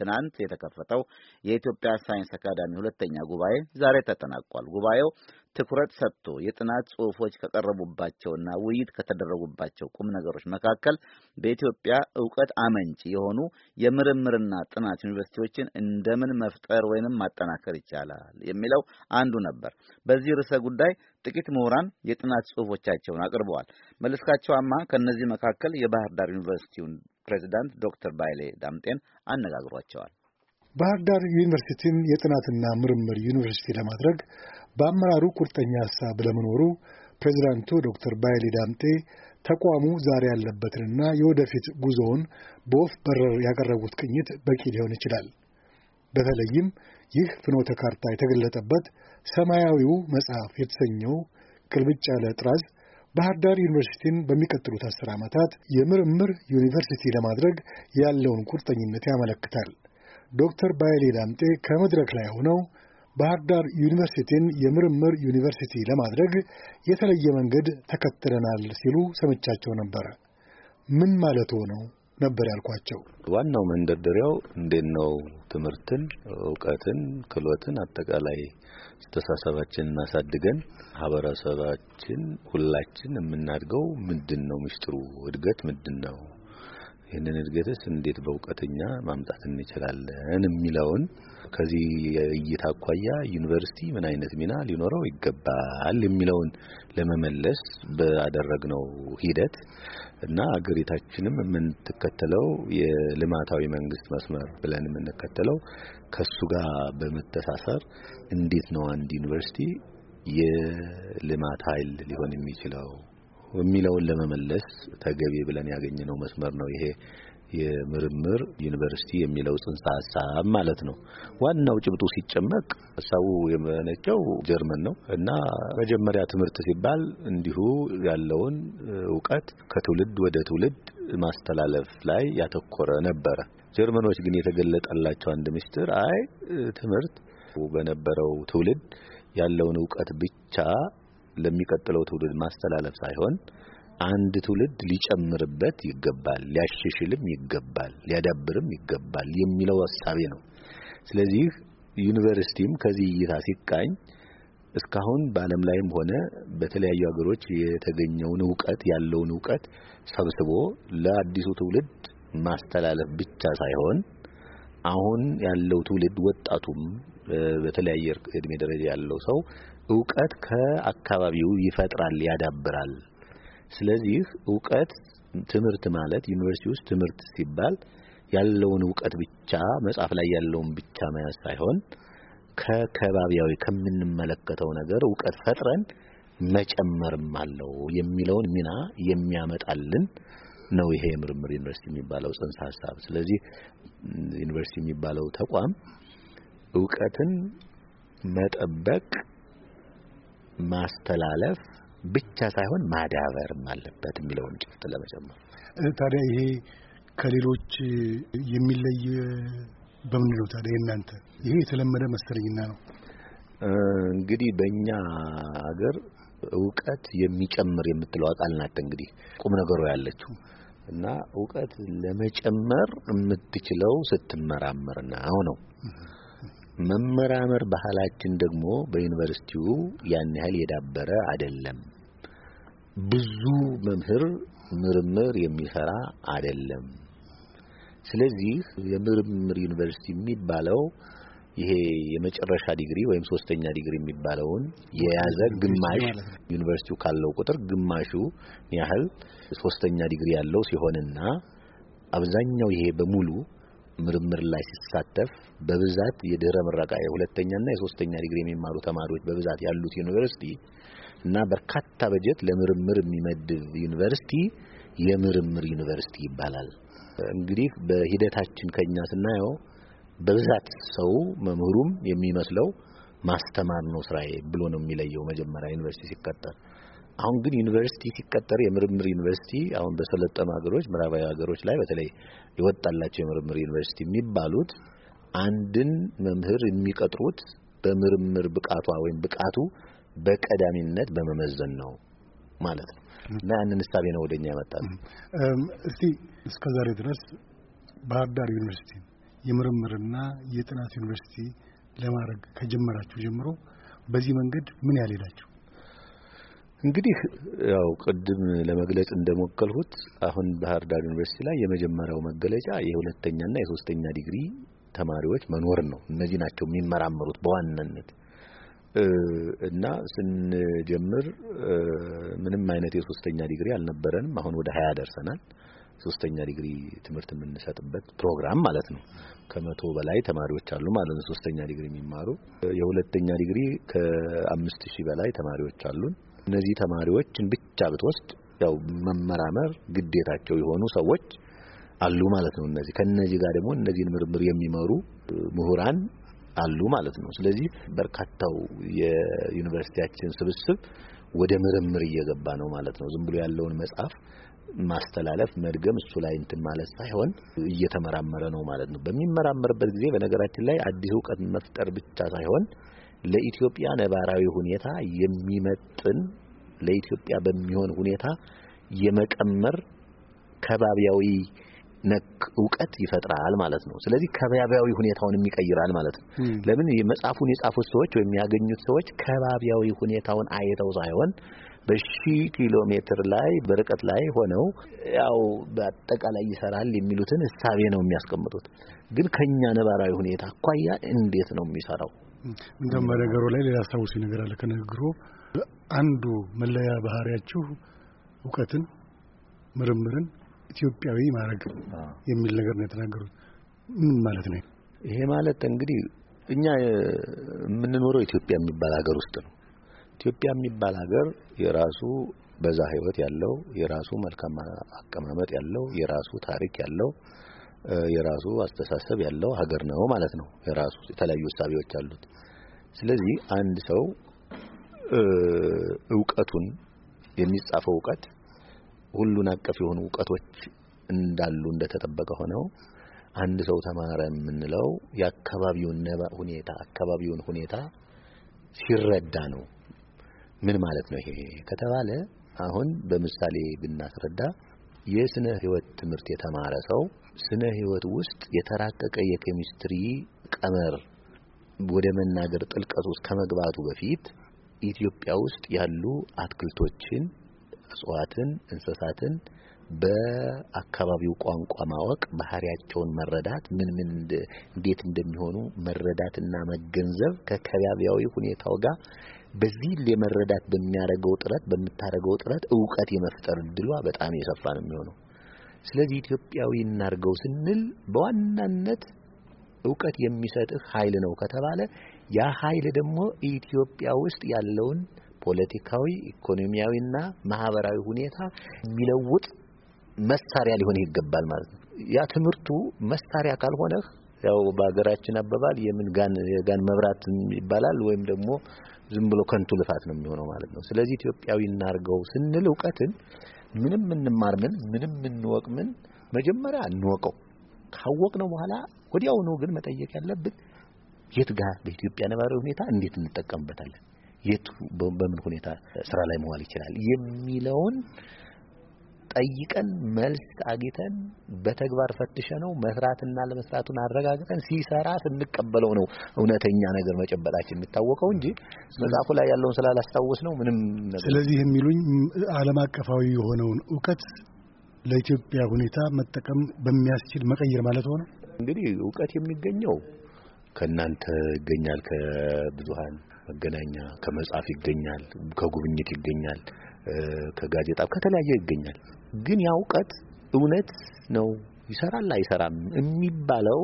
ትናንት የተከፈተው የኢትዮጵያ ሳይንስ አካዳሚ ሁለተኛ ጉባኤ ዛሬ ተጠናቋል። ጉባኤው ትኩረት ሰጥቶ የጥናት ጽሑፎች ከቀረቡባቸውና ውይይት ከተደረጉባቸው ቁም ነገሮች መካከል በኢትዮጵያ እውቀት አመንጭ የሆኑ የምርምርና ጥናት ዩኒቨርሲቲዎችን እንደምን መፍጠር ወይንም ማጠናከር ይቻላል የሚለው አንዱ ነበር። በዚህ ርዕሰ ጉዳይ ጥቂት ምሁራን የጥናት ጽሑፎቻቸውን አቅርበዋል። መለስካቸው አማ ከእነዚህ መካከል የባህር ዳር ዩኒቨርሲቲውን ፕሬዚዳንት ዶክተር ባይሌ ዳምጤን አነጋግሯቸዋል። ባህር ዳር ዩኒቨርሲቲን የጥናትና ምርምር ዩኒቨርሲቲ ለማድረግ በአመራሩ ቁርጠኛ ሀሳብ ለመኖሩ ፕሬዚዳንቱ ዶክተር ባይሌ ዳምጤ ተቋሙ ዛሬ ያለበትንና የወደፊት ጉዞውን በወፍ በረር ያቀረቡት ቅኝት በቂ ሊሆን ይችላል። በተለይም ይህ ፍኖተ ካርታ የተገለጠበት ሰማያዊው መጽሐፍ የተሰኘው ቅልብጭ ያለ ጥራዝ ባህር ዳር ዩኒቨርሲቲን በሚቀጥሉት አስር ዓመታት የምርምር ዩኒቨርሲቲ ለማድረግ ያለውን ቁርጠኝነት ያመለክታል። ዶክተር ባይሌ ዳምጤ ከመድረክ ላይ ሆነው ባህር ዳር ዩኒቨርሲቲን የምርምር ዩኒቨርሲቲ ለማድረግ የተለየ መንገድ ተከትለናል ሲሉ ሰምቻቸው ነበረ። ምን ማለት ነው? ነበር ያልኳቸው። ዋናው መንደርደሪያው እንዴት ነው ትምህርትን፣ እውቀትን፣ ክህሎትን አጠቃላይ አስተሳሰባችንን አሳድገን ማህበረሰባችን ሁላችን የምናድገው ምንድን ነው ምስጢሩ? እድገት ምንድን ነው? ይህንን እድገትስ እንዴት በእውቀተኛ ማምጣት እንችላለን የሚለውን ከዚህ እይታ አኳያ ዩኒቨርሲቲ ምን አይነት ሚና ሊኖረው ይገባል የሚለውን ለመመለስ ባደረግነው ሂደት እና አገሪታችንም የምንትከተለው የልማታዊ መንግስት መስመር ብለን የምንከተለው ከሱ ጋር በመተሳሰር እንዴት ነው አንድ ዩኒቨርሲቲ የልማት ኃይል ሊሆን የሚችለው የሚለውን ለመመለስ ተገቢ ብለን ያገኘነው መስመር ነው ይሄ የምርምር ዩኒቨርሲቲ የሚለው ጽንሰ ሀሳብ ማለት ነው። ዋናው ጭብጡ ሲጨመቅ ሀሳቡ የመነጨው ጀርመን ነው እና መጀመሪያ ትምህርት ሲባል እንዲሁ ያለውን እውቀት ከትውልድ ወደ ትውልድ ማስተላለፍ ላይ ያተኮረ ነበረ። ጀርመኖች ግን የተገለጠላቸው አንድ ምስጢር አይ ትምህርት በነበረው ትውልድ ያለውን እውቀት ብቻ ለሚቀጥለው ትውልድ ማስተላለፍ ሳይሆን አንድ ትውልድ ሊጨምርበት ይገባል፣ ሊያሻሽልም ይገባል፣ ሊያዳብርም ይገባል የሚለው ሀሳቤ ነው። ስለዚህ ዩኒቨርሲቲም ከዚህ እይታ ሲቃኝ እስካሁን በዓለም ላይም ሆነ በተለያዩ ሀገሮች የተገኘውን እውቀት ያለውን እውቀት ሰብስቦ ለአዲሱ ትውልድ ማስተላለፍ ብቻ ሳይሆን አሁን ያለው ትውልድ ወጣቱም በተለያየ እድሜ ደረጃ ያለው ሰው እውቀት ከአካባቢው ይፈጥራል፣ ያዳብራል ስለዚህ እውቀት ትምህርት ማለት ዩኒቨርሲቲ ውስጥ ትምህርት ሲባል ያለውን እውቀት ብቻ መጽሐፍ ላይ ያለውን ብቻ መያዝ ሳይሆን ከከባቢያዊ ከምንመለከተው ነገር እውቀት ፈጥረን መጨመርም አለው የሚለውን ሚና የሚያመጣልን ነው ይሄ የምርምር ዩኒቨርሲቲ የሚባለው ጽንሰ ሀሳብ። ስለዚህ ዩኒቨርሲቲ የሚባለው ተቋም እውቀትን መጠበቅ፣ ማስተላለፍ ብቻ ሳይሆን ማዳበርም አለበት የሚለውን ጭፍት ለመጨመር። ታዲያ ይሄ ከሌሎች የሚለይ በምንድን ነው ታዲያ? እናንተ ይሄ የተለመደ መሰለኝና ነው እንግዲህ በእኛ ሀገር እውቀት የሚጨምር የምትለው አቃል ናት። እንግዲህ ቁም ነገሩ ያለችው እና እውቀት ለመጨመር የምትችለው ስትመራመርና አሁ ነው። መመራመር ባህላችን ደግሞ በዩኒቨርሲቲው ያን ያህል የዳበረ አይደለም። ብዙ መምህር ምርምር የሚሰራ አይደለም። ስለዚህ የምርምር ዩኒቨርሲቲ የሚባለው ይሄ የመጨረሻ ዲግሪ ወይም ሶስተኛ ዲግሪ የሚባለውን የያዘ ግማሽ ዩኒቨርሲቲው ካለው ቁጥር ግማሹ ያህል ሶስተኛ ዲግሪ ያለው ሲሆንና አብዛኛው ይሄ በሙሉ ምርምር ላይ ሲሳተፍ በብዛት የድህረ ምረቃ የሁለተኛና የሶስተኛ ዲግሪ የሚማሩ ተማሪዎች በብዛት ያሉት ዩኒቨርሲቲ እና በርካታ በጀት ለምርምር የሚመድብ ዩኒቨርሲቲ የምርምር ዩኒቨርሲቲ ይባላል። እንግዲህ በሂደታችን ከኛ ስናየው በብዛት ሰው መምህሩም የሚመስለው ማስተማር ነው ስራዬ ብሎ ነው የሚለየው መጀመሪያ ዩኒቨርሲቲ ሲቀጠር። አሁን ግን ዩኒቨርሲቲ ሲቀጠር የምርምር ዩኒቨርሲቲ አሁን በሰለጠኑ ሀገሮች፣ ምዕራባዊ ሀገሮች ላይ በተለይ የወጣላቸው የምርምር ዩኒቨርሲቲ የሚባሉት አንድን መምህር የሚቀጥሩት በምርምር ብቃቷ ወይም ብቃቱ በቀዳሚነት በመመዘን ነው ማለት ነው እና ያንን እሳቤ ነው ወደኛ ያመጣል። እስቲ እስከዛሬ ድረስ ባህር ዳር ዩኒቨርሲቲ የምርምርና የጥናት ዩኒቨርሲቲ ለማድረግ ከጀመራችሁ ጀምሮ በዚህ መንገድ ምን ያህል ሄዳችሁ? እንግዲህ ያው ቅድም ለመግለጽ እንደሞከልሁት አሁን ባህር ዳር ዩኒቨርሲቲ ላይ የመጀመሪያው መገለጫ የሁለተኛና የሶስተኛ ዲግሪ ተማሪዎች መኖር ነው። እነዚህ ናቸው የሚመራመሩት በዋናነት እና ስንጀምር ምንም አይነት የሶስተኛ ዲግሪ አልነበረንም። አሁን ወደ ሀያ ደርሰናል። ሶስተኛ ዲግሪ ትምህርት የምንሰጥበት ፕሮግራም ማለት ነው። ከመቶ በላይ ተማሪዎች አሉ ማለት ነው ሶስተኛ ዲግሪ የሚማሩ። የሁለተኛ ዲግሪ ከአምስት ሺህ በላይ ተማሪዎች አሉን። እነዚህ ተማሪዎችን ብቻ ብትወስድ ያው መመራመር ግዴታቸው የሆኑ ሰዎች አሉ ማለት ነው። እነዚህ ከነዚህ ጋር ደግሞ እነዚህን ምርምር የሚመሩ ምሁራን አሉ ማለት ነው። ስለዚህ በርካታው የዩኒቨርሲቲያችን ስብስብ ወደ ምርምር እየገባ ነው ማለት ነው። ዝም ብሎ ያለውን መጽሐፍ ማስተላለፍ መድገም፣ እሱ ላይ እንትን ማለት ሳይሆን እየተመራመረ ነው ማለት ነው። በሚመራመርበት ጊዜ በነገራችን ላይ አዲስ እውቀት መፍጠር ብቻ ሳይሆን ለኢትዮጵያ ነባራዊ ሁኔታ የሚመጥን ለኢትዮጵያ በሚሆን ሁኔታ የመቀመር ከባቢያዊ ነክ እውቀት ይፈጥራል ማለት ነው። ስለዚህ ከባቢያዊ ሁኔታውን ይቀይራል ማለት ነው። ለምን መጽሐፉን የጻፉት ሰዎች ወይም ያገኙት ሰዎች ከባቢያዊ ሁኔታውን አይተው ሳይሆን በሺህ ኪሎ ሜትር ላይ በርቀት ላይ ሆነው ያው በአጠቃላይ ይሰራል የሚሉትን እሳቤ ነው የሚያስቀምጡት። ግን ከኛ ነባራዊ ሁኔታ አኳያ እንዴት ነው የሚሰራው? እንደውም በነገሩ ላይ ሌላ አስታውሱ ነገር አለ። ከንግግሩ አንዱ መለያ ባህሪያችሁ እውቀትን፣ ምርምርን ኢትዮጵያዊ ማድረግ የሚል ነገር ነው የተናገሩት። ምን ማለት ነው ይሄ? ማለት እንግዲህ እኛ የምንኖረው ኢትዮጵያ የሚባል ሀገር ውስጥ ነው። ኢትዮጵያ የሚባል ሀገር የራሱ በዛ ህይወት ያለው የራሱ መልካም አቀማመጥ ያለው የራሱ ታሪክ ያለው የራሱ አስተሳሰብ ያለው ሀገር ነው ማለት ነው። የራሱ የተለያዩ እሳቤዎች አሉት። ስለዚህ አንድ ሰው እውቀቱን የሚጻፈው እውቀት ሁሉን አቀፍ የሆኑ እውቀቶች እንዳሉ እንደተጠበቀ ሆነው አንድ ሰው ተማረ የምንለው የአካባቢውን ሁኔታ አካባቢውን ሁኔታ ሲረዳ ነው። ምን ማለት ነው ይሄ ከተባለ አሁን በምሳሌ ብናስረዳ የስነ ህይወት ትምህርት የተማረ ሰው ስነ ህይወት ውስጥ የተራቀቀ የኬሚስትሪ ቀመር ወደ መናገር ጥልቀት ውስጥ ከመግባቱ በፊት ኢትዮጵያ ውስጥ ያሉ አትክልቶችን እጽዋትን፣ እንስሳትን በአካባቢው ቋንቋ ማወቅ፣ ባህሪያቸውን መረዳት፣ ምን ምን እንዴት እንደሚሆኑ መረዳትና መገንዘብ ከከባቢያዊ ሁኔታው ጋር በዚህ ለመረዳት በሚያደርገው ጥረት በምታደርገው ጥረት እውቀት የመፍጠር እድሏ በጣም የሰፋ ነው የሚሆነው። ስለዚህ ኢትዮጵያዊ እናርገው ስንል በዋናነት እውቀት የሚሰጥህ ኃይል ነው ከተባለ ያ ኃይል ደግሞ ኢትዮጵያ ውስጥ ያለውን ፖለቲካዊ፣ ኢኮኖሚያዊና ማህበራዊ ሁኔታ የሚለውጥ መሳሪያ ሊሆን ይገባል ማለት ነው። ያ ትምህርቱ መሳሪያ ካልሆነህ ያው በሀገራችን አባባል የምን ጋን የጋን መብራት ይባላል ወይም ደግሞ ዝም ብሎ ከንቱ ልፋት ነው የሚሆነው ማለት ነው። ስለዚህ ኢትዮጵያዊ እናርገው ስንል እውቀትን ምንም እንማር ምን ምንም እንወቅ ምን መጀመሪያ እንወቀው ካወቅ ነው በኋላ ወዲያውኑ ግን መጠየቅ ያለብን የት ጋር በኢትዮጵያ ነባራዊ ሁኔታ እንዴት እንጠቀምበታለን? የት በምን ሁኔታ ስራ ላይ መዋል ይችላል የሚለውን ጠይቀን መልስ አግኝተን በተግባር ፈትሸ ነው መስራትና ለመስራቱን አረጋግጠን ሲሰራ ስንቀበለው ነው እውነተኛ ነገር መጨበጣችን የሚታወቀው እንጂ መጽሐፉ ላይ ያለውን ስላላስታወስ ነው ምንም ነገር። ስለዚህ የሚሉኝ ዓለም አቀፋዊ የሆነውን እውቀት ለኢትዮጵያ ሁኔታ መጠቀም በሚያስችል መቀየር ማለት ሆነ። እንግዲህ እውቀት የሚገኘው ከእናንተ ይገኛል፣ ከብዙሃን መገናኛ ከመጽሐፍ ይገኛል፣ ከጉብኝት ይገኛል፣ ከጋዜጣ ከተለያየ ይገኛል። ግን ያ እውቀት እውነት ነው ይሰራል አይሰራም የሚባለው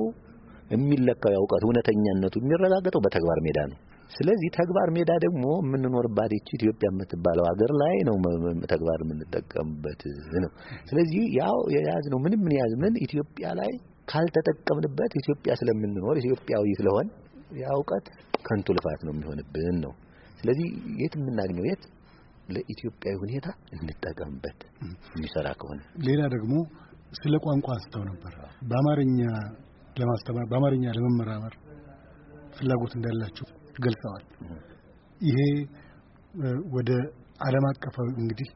የሚለካው ያ እውቀት እውነተኛነቱ የሚረጋገጠው በተግባር ሜዳ ነው። ስለዚህ ተግባር ሜዳ ደግሞ የምንኖርባት ይቺ ኢትዮጵያ የምትባለው ሀገር ላይ ነው ተግባር የምንጠቀምበት ነው። ስለዚህ ያው የያዝ ነው ምንም ምን ያዝ ምን ኢትዮጵያ ላይ ካልተጠቀምንበት ኢትዮጵያ ስለምንኖር ኢትዮጵያዊ ስለሆን ያ እውቀት ከንቱ ልፋት ነው የሚሆንብን ነው። ስለዚህ የት የምናገኘው የት ለኢትዮጵያዊ ሁኔታ እንጠቀምበት የሚሰራ ከሆነ ሌላ ደግሞ ስለ ቋንቋ አንስተው ነበር። በአማርኛ ለማስተማር በአማርኛ ለመመራመር ፍላጎት እንዳላቸው ገልጸዋል። ይሄ ወደ ዓለም አቀፋዊ እንግዲህ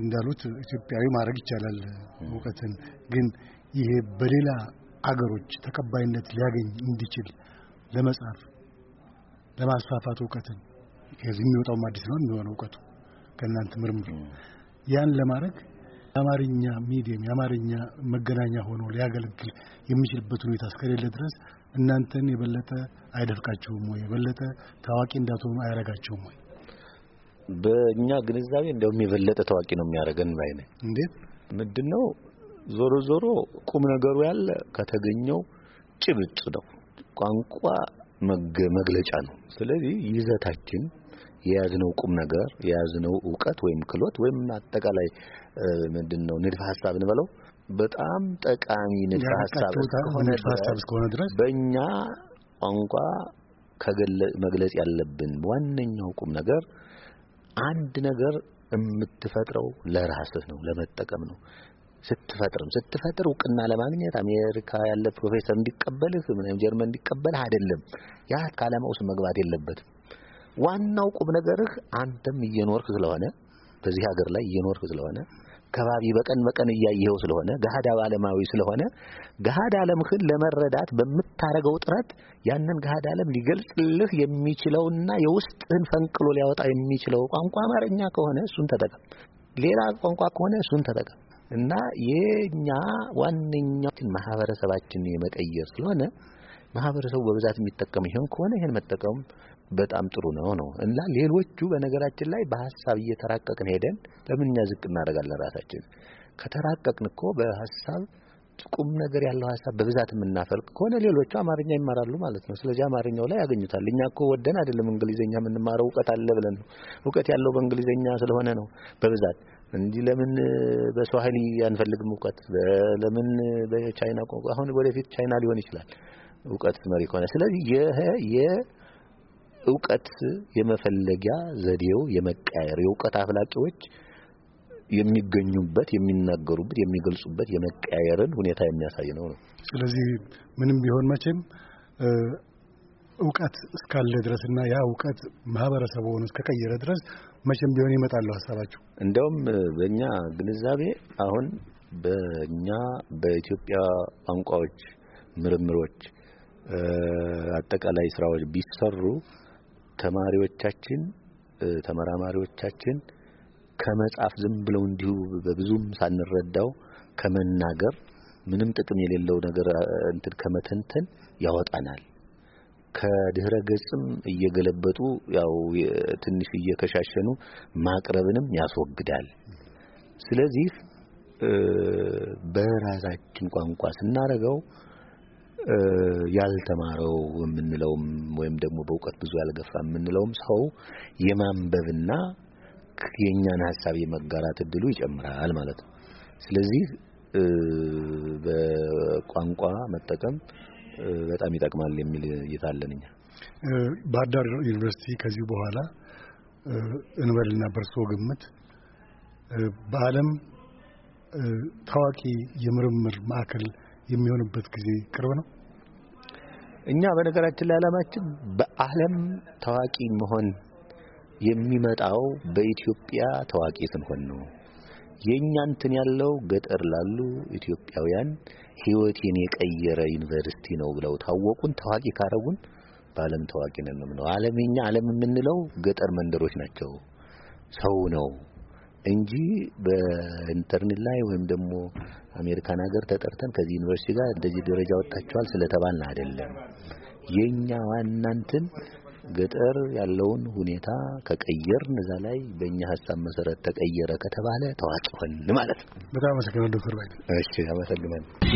እንዳሉት ኢትዮጵያዊ ማድረግ ይቻላል እውቀትን ግን ይሄ በሌላ አገሮች ተቀባይነት ሊያገኝ እንዲችል ለመጻፍ ለማስፋፋት እውቀትን ከዚህ የሚወጣውም አዲስ ነው የሚሆነው እውቀቱ ከእናንተ ምርምር ያን ለማድረግ የአማርኛ ሚዲየም የአማርኛ መገናኛ ሆኖ ሊያገለግል የሚችልበት ሁኔታ እስከሌለ ድረስ እናንተን የበለጠ አይደፍቃችሁም ወይ? የበለጠ ታዋቂ እንዳትሆኑ አያረጋችሁም ወይ? በእኛ ግንዛቤ እንደውም የበለጠ ታዋቂ ነው የሚያደርገን ባይ ነኝ። እንዴት ምንድን ነው ዞሮ ዞሮ ቁም ነገሩ ያለ ከተገኘው ጭብጥ ነው ቋንቋ መግለጫ ነው። ስለዚህ ይዘታችን የያዝነው ቁም ነገር የያዝነው እውቀት ወይም ክሎት ወይም አጠቃላይ ምንድን ነው ንድፈ ሀሳብ እንበለው በጣም ጠቃሚ ንድፈ ሀሳብ እስከሆነ ድረስ በእኛ ቋንቋ መግለጽ ያለብን ዋነኛው ቁም ነገር አንድ ነገር የምትፈጥረው ለራስህ ነው፣ ለመጠቀም ነው። ስትፈጥርም ስትፈጥር እውቅና ለማግኘት አሜሪካ ያለ ፕሮፌሰር እንዲቀበልህ ምንም ጀርመን እንዲቀበልህ አይደለም። ያ ከዓላማው ውስጥ መግባት የለበትም። ዋናው ቁም ነገርህ አንተም እየኖርክ ስለሆነ በዚህ ሀገር ላይ እየኖርክ ስለሆነ ከባቢ በቀን በቀን እያየኸው ስለሆነ ገሃድ ዓለማዊ ስለሆነ ገሃድ ዓለምህን ለመረዳት በምታረገው ጥረት ያንን ገሃድ ዓለም ሊገልጽልህ የሚችለውና የውስጥህን ፈንቅሎ ሊያወጣ የሚችለው ቋንቋ አማርኛ ከሆነ እሱን ተጠቀም። ሌላ ቋንቋ ከሆነ እሱን ተጠቀም። እና የኛ ዋነኛው ማህበረሰባችን የመቀየር ስለሆነ ማህበረሰቡ በብዛት የሚጠቀም ይሆን ከሆነ ይሄን መጠቀም በጣም ጥሩ ነው ነው እና ሌሎቹ በነገራችን ላይ በሀሳብ እየተራቀቅን ሄደን ለምን እኛ ዝቅ እናደርጋለን? ራሳችን ከተራቀቅን እኮ በሀሳብ ቁም ነገር ያለው ሀሳብ በብዛት የምናፈልቅ ከሆነ ሌሎቹ አማርኛ ይማራሉ ማለት ነው። ስለዚህ አማርኛው ላይ ያገኙታል። እኛ እኮ ወደን አይደለም እንግሊዘኛ የምንማረው እውቀት አለ ብለን ነው። እውቀት ያለው በእንግሊዘኛ ስለሆነ ነው በብዛት እንዲህ ለምን በስዋሂሊ አንፈልግም እውቀት ለምን በቻይና ቋንቋ አሁን ወደፊት ቻይና ሊሆን ይችላል እውቀት መሪ ከሆነ ስለዚህ የእውቀት የመፈለጊያ ዘዴው የመቀያየር የእውቀት አፍላቂዎች የሚገኙበት የሚናገሩበት የሚገልጹበት የመቀያየርን ሁኔታ የሚያሳይ ነው ነው ስለዚህ ምንም ቢሆን መቼም እውቀት እስካለ ድረስና ያ እውቀት ሆኖ እስከቀየረ ድረስ መቼም ቢሆን ይመጣሉ ሀሳባቸው። እንደውም በእኛ ግንዛቤ አሁን በእኛ በኢትዮጵያ ቋንቋዎች ምርምሮች፣ አጠቃላይ ስራዎች ቢሰሩ ተማሪዎቻችን፣ ተመራማሪዎቻችን ከመጻፍ ዝም ብለው እንዲሁ በብዙም ሳንረዳው ከመናገር ምንም ጥቅም የሌለው ነገር እንትን ከመተንተን ያወጣናል። ከድህረ ገጽም እየገለበጡ ያው ትንሽ እየከሻሸኑ ማቅረብንም ያስወግዳል። ስለዚህ በራሳችን ቋንቋ ስናረገው ያልተማረው የምንለውም ወይም ደግሞ በእውቀት ብዙ ያልገፋ የምንለውም ሰው የማንበብና የእኛን ሀሳብ የመጋራት እድሉ ይጨምራል ማለት ነው። ስለዚህ በቋንቋ መጠቀም በጣም ይጠቅማል የሚል እይታ አለን። እኛ ባህር ዳር ዩኒቨርሲቲ ከዚህ በኋላ እንበልና በርሶ ግምት በዓለም ታዋቂ የምርምር ማዕከል የሚሆንበት ጊዜ ቅርብ ነው? እኛ በነገራችን ላይ ዓላማችን በዓለም ታዋቂ መሆን የሚመጣው በኢትዮጵያ ታዋቂ ስንሆን ነው። የእኛ እንትን ያለው ገጠር ላሉ ኢትዮጵያውያን ህይወቴን የቀየረ ዩኒቨርሲቲ ነው ብለው ታወቁን። ታዋቂ ካረጉን በዓለም ታዋቂ ነን ነው። ዓለም የኛ ዓለም የምንለው ገጠር መንደሮች ናቸው፣ ሰው ነው እንጂ በኢንተርኔት ላይ ወይም ደግሞ አሜሪካን ሀገር ተጠርተን ከዚህ ዩኒቨርሲቲ ጋር እንደዚህ ደረጃ ወጣችኋል ስለተባልን አይደለም። የኛ ዋና እንትን ገጠር ያለውን ሁኔታ ከቀየር እዛ ላይ በእኛ ሀሳብ መሰረት ተቀየረ ከተባለ ታዋቂ ሆን ማለት ነው። በጣም አመሰግናለሁ ዶክተር ባይ። እሺ አመሰግናለሁ።